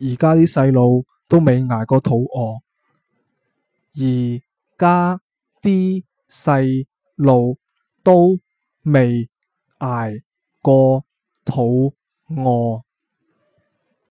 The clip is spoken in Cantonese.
而家啲細路都未捱過肚餓，而家啲細路都未捱過肚餓。